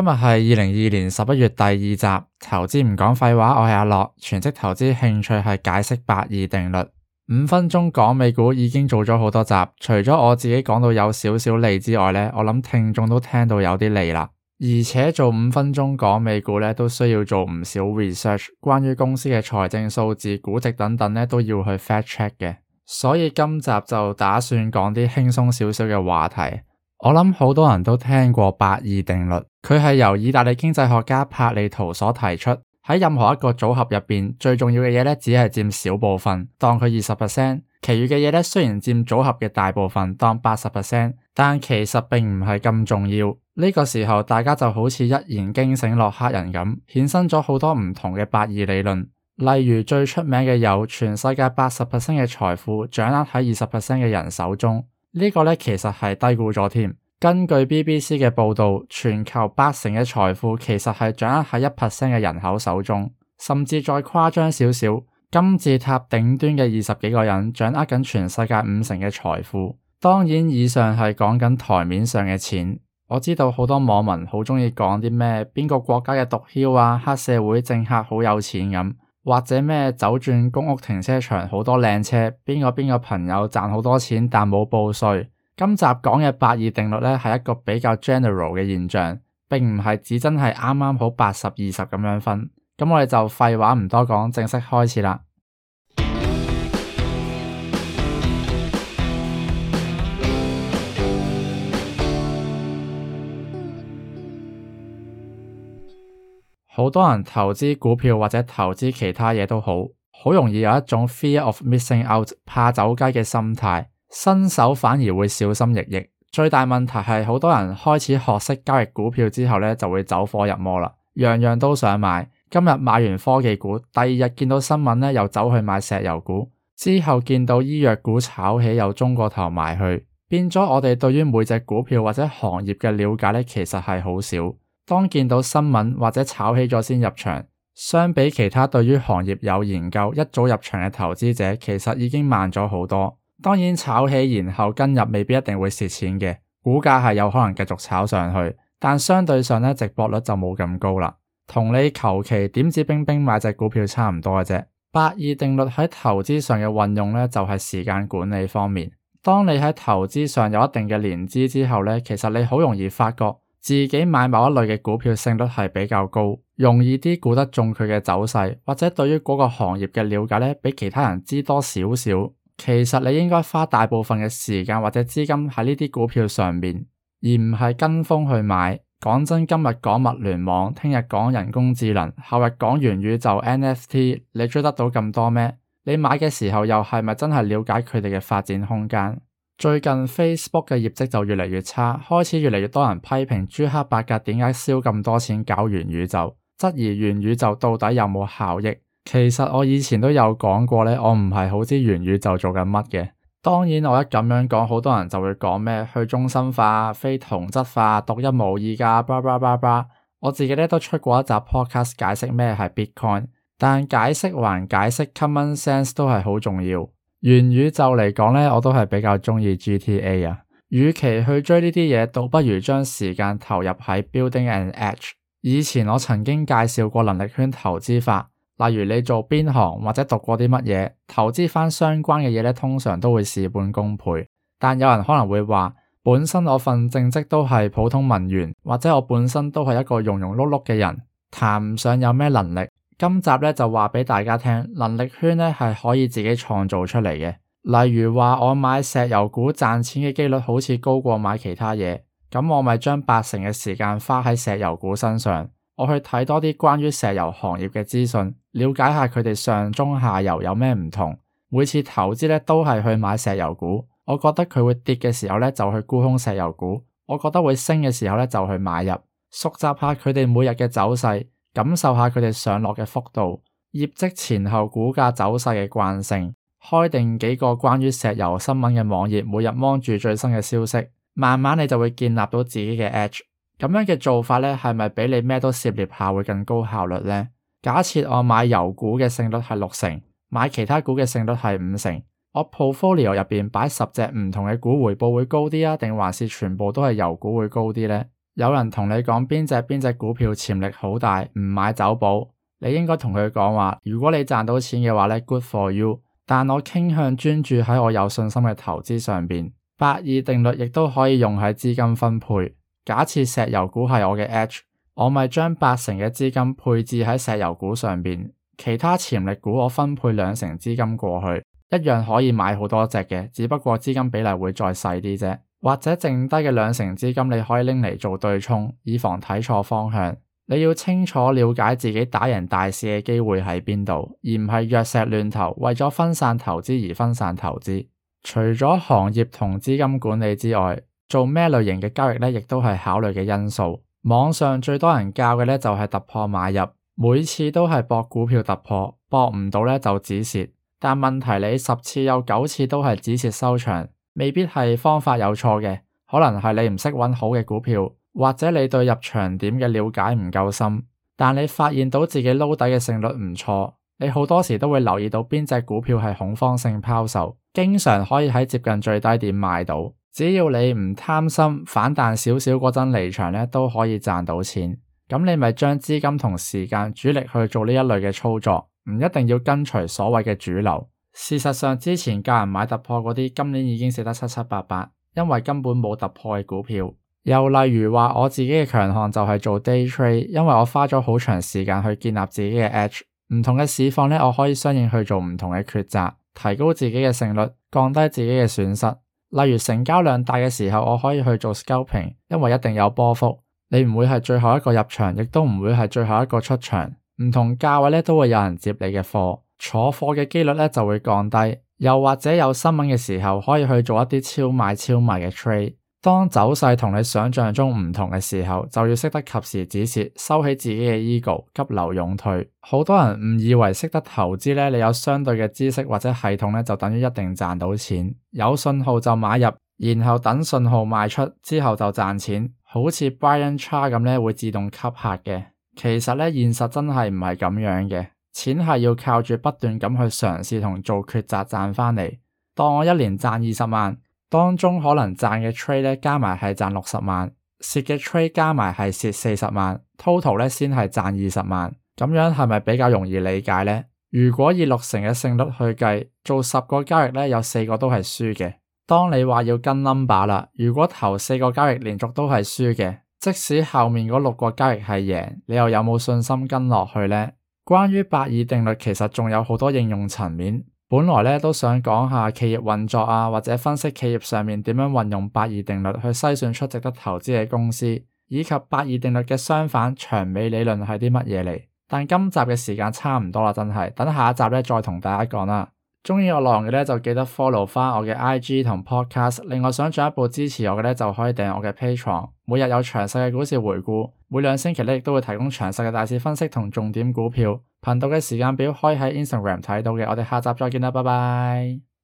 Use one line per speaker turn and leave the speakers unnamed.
今日係二零二二年十一月第二集，投資唔講廢話，我係阿樂，全職投資興趣係解釋八二定律。五分鐘講美股已經做咗好多集，除咗我自己講到有少少膩，之外呢，我諗聽眾都聽到有啲膩啦。而且做五分鐘講美股呢，都需要做唔少 research，關於公司嘅財政數字、估值等等呢，都要去 fact check 嘅。所以今集就打算講啲輕鬆少少嘅話題。我諗好多人都聽過八二定律，佢係由意大利經濟學家帕利圖所提出。喺任何一個組合入面，最重要嘅嘢咧，只係佔小部分，當佢二十 percent，其餘嘅嘢咧，雖然佔組合嘅大部分，當八十 percent，但其實並唔係咁重要。呢個時候，大家就好似一言驚醒洛克人咁，衍生咗好多唔同嘅八二理論，例如最出名嘅有全世界八十 percent 嘅財富掌握喺二十 percent 嘅人手中。呢個呢，其實係低估咗添。根據 BBC 嘅報道，全球八成嘅財富其實係掌握喺一 percent 嘅人口手中，甚至再誇張少少，金字塔頂端嘅二十幾個人掌握緊全世界五成嘅財富。當然，以上係講緊台面上嘅錢。我知道好多網民好中意講啲咩，邊個國家嘅毒梟啊、黑社會政客好有錢咁。或者咩，走轉公屋停車場好多靚車，邊個邊個朋友賺好多錢，但冇報稅。今集講嘅八二定律咧，係一個比較 general 嘅現象，並唔係指真係啱啱好八十二十咁樣分。咁我哋就廢話唔多講，正式開始啦。好多人投資股票或者投資其他嘢都好，好容易有一種 fear of missing out，怕走雞嘅心態。新手反而會小心翼翼。最大問題係好多人開始學識交易股票之後咧，就會走火入魔啦。樣樣都想買，今日買完科技股，第二日見到新聞咧又走去買石油股，之後見到醫藥股炒起，又中個頭埋去，變咗我哋對於每隻股票或者行業嘅了解咧，其實係好少。當見到新聞或者炒起咗先入場，相比其他對於行業有研究一早入場嘅投資者，其實已經慢咗好多。當然炒起然後跟入未必一定會蝕錢嘅，股價係有可能繼續炒上去，但相對上呢，值博率就冇咁高啦。同你求其點指兵兵買隻股票差唔多嘅啫。八二定律喺投資上嘅運用呢，就係時間管理方面。當你喺投資上有一定嘅年資之後呢，其實你好容易發覺。自己買某一類嘅股票勝率係比較高，容易啲估得中佢嘅走勢，或者對於嗰個行業嘅了解呢，比其他人知多少少。其實你應該花大部分嘅時間或者資金喺呢啲股票上面，而唔係跟風去買。講真，今日講物聯網，聽日講人工智能，後日講元宇宙 NFT，你追得到咁多咩？你買嘅時候又係咪真係了解佢哋嘅發展空間？最近 Facebook 嘅業績就越嚟越差，開始越嚟越多人批評朱克伯格點解燒咁多錢搞元宇宙，質疑元宇宙到底有冇效益。其實我以前都有講過呢，我唔係好知元宇宙做緊乜嘅。當然我一咁樣講，好多人就會講咩去中心化、非同質化、獨一無二㗎。叭叭叭叭，我自己呢都出過一集 Podcast 解釋咩係 Bitcoin，但解釋還解釋，Common Sense 都係好重要。元宇宙嚟講呢，我都係比較中意 GTA 啊。與其去追呢啲嘢，倒不如將時間投入喺 building an edge。以前我曾經介紹過能力圈投資法，例如你做邊行或者讀過啲乜嘢，投資翻相關嘅嘢咧，通常都會事半功倍。但有人可能會話，本身我份正職都係普通文員，或者我本身都係一個庸庸碌碌嘅人，談唔上有咩能力。今集咧，就話俾大家聽，能力圈咧，係可以自己創造出嚟嘅。例如話我買石油股賺錢嘅幾率好似高過買其他嘢，咁我咪將八成嘅時間花喺石油股身上。我去睇多啲關於石油行業嘅資訊，了解下佢哋上中下游有咩唔同。每次投資咧，都係去買石油股。我覺得佢會跌嘅時候咧，就去沽空石油股，我覺得會升嘅時候咧，就去買入，熟習下佢哋每日嘅走勢。感受下佢哋上落嘅幅度，業績前後股價走勢嘅慣性，開定幾個關於石油新聞嘅網頁，每日望住最新嘅消息，慢慢你就會建立到自己嘅 edge。咁樣嘅做法咧，係咪比你咩都涉獵下會更高效率呢？假設我買油股嘅勝率係六成，買其他股嘅勝率係五成，我 portfolio 入面擺十隻唔同嘅股，回報會高啲啊，定還是全部都係油股會高啲呢？有人同你講邊隻邊隻股票潛力好大，唔買走寶，你應該同佢講話：如果你賺到錢嘅話咧，Good for you。但我傾向專注喺我有信心嘅投資上面。八二定律亦都可以用喺資金分配。假設石油股係我嘅 edge，我咪將八成嘅資金配置喺石油股上面，其他潛力股我分配兩成資金過去，一樣可以買好多隻嘅，只不過資金比例會再細啲啫。或者剩低嘅兩成資金，你可以拎嚟做對沖，以防睇錯方向。你要清楚了解自己打贏大市嘅機會喺邊度，而唔係藥石亂投，為咗分散投資而分散投資。除咗行業同資金管理之外，做咩類型嘅交易呢？亦都係考慮嘅因素。網上最多人教嘅呢，就係突破買入，每次都係博股票突破，博唔到呢，就止蝕。但問題你十次有九次都係止蝕收場。未必係方法有錯嘅，可能係你唔識搵好嘅股票，或者你對入場點嘅了解唔夠深。但你發現到自己撈底嘅勝率唔錯，你好多時都會留意到邊隻股票係恐慌性拋售，經常可以喺接近最低點買到。只要你唔貪心，反彈少少嗰陣離場咧，都可以賺到錢。咁你咪將資金同時間主力去做呢一類嘅操作，唔一定要跟隨所謂嘅主流。事實上，之前教人買突破嗰啲，今年已經死得七七八八，因為根本冇突破嘅股票。又例如話，我自己嘅強項就係做 day trade，因為我花咗好長時間去建立自己嘅 edge。唔同嘅市況呢，我可以相應去做唔同嘅抉擇，提高自己嘅勝率，降低自己嘅損失。例如成交量大嘅時候，我可以去做 scalping，因為一定有波幅，你唔會係最後一個入場，亦都唔會係最後一個出場。唔同價位呢，都會有人接你嘅貨。坐貨嘅幾率就會降低，又或者有新聞嘅時候，可以去做一啲超買超賣嘅 trade。當走勢同你想象中唔同嘅時候，就要識得及時止蝕，收起自己嘅 ego，急流勇退。好多人誤以為識得投資，你有相對嘅知識或者系統就等於一定賺到錢。有信號就買入，然後等信號賣出之後就賺錢，好似 Binance Chart 咁咧，會自動吸客嘅。其實咧，現實真係唔係咁樣嘅。錢係要靠住不斷咁去嘗試同做抉擇賺翻嚟。當我一年賺二十萬，當中可能賺嘅 trade 咧加埋係賺六十萬，蝕嘅 trade 加埋係蝕四十萬，total 先係賺二十萬。咁樣係咪比較容易理解呢？如果以六成嘅勝率去計，做十個交易咧，有四個都係輸嘅。當你話要跟 number 啦，如果頭四個交易連續都係輸嘅，即使後面嗰六個交易係贏，你又有冇信心跟落去呢？關於八二定律，其實仲有好多應用層面。本來咧都想講下企業運作啊，或者分析企業上面點樣運用八二定律去篩選出值得投資嘅公司，以及八二定律嘅相反長尾理論係啲乜嘢嚟。但今集嘅時間差唔多啦，真係，等下一集咧再同大家講啦。中意我內容嘅咧，就記得 follow 翻我嘅 IG 同 Podcast。另外想進一步支持我嘅咧，就可以訂閱我嘅 Patreon。每日有詳細嘅股市回顧，每兩星期咧亦都會提供詳細嘅大市分析同重點股票。頻道嘅時間表可以喺 Instagram 睇到嘅。我哋下集再見啦，拜拜。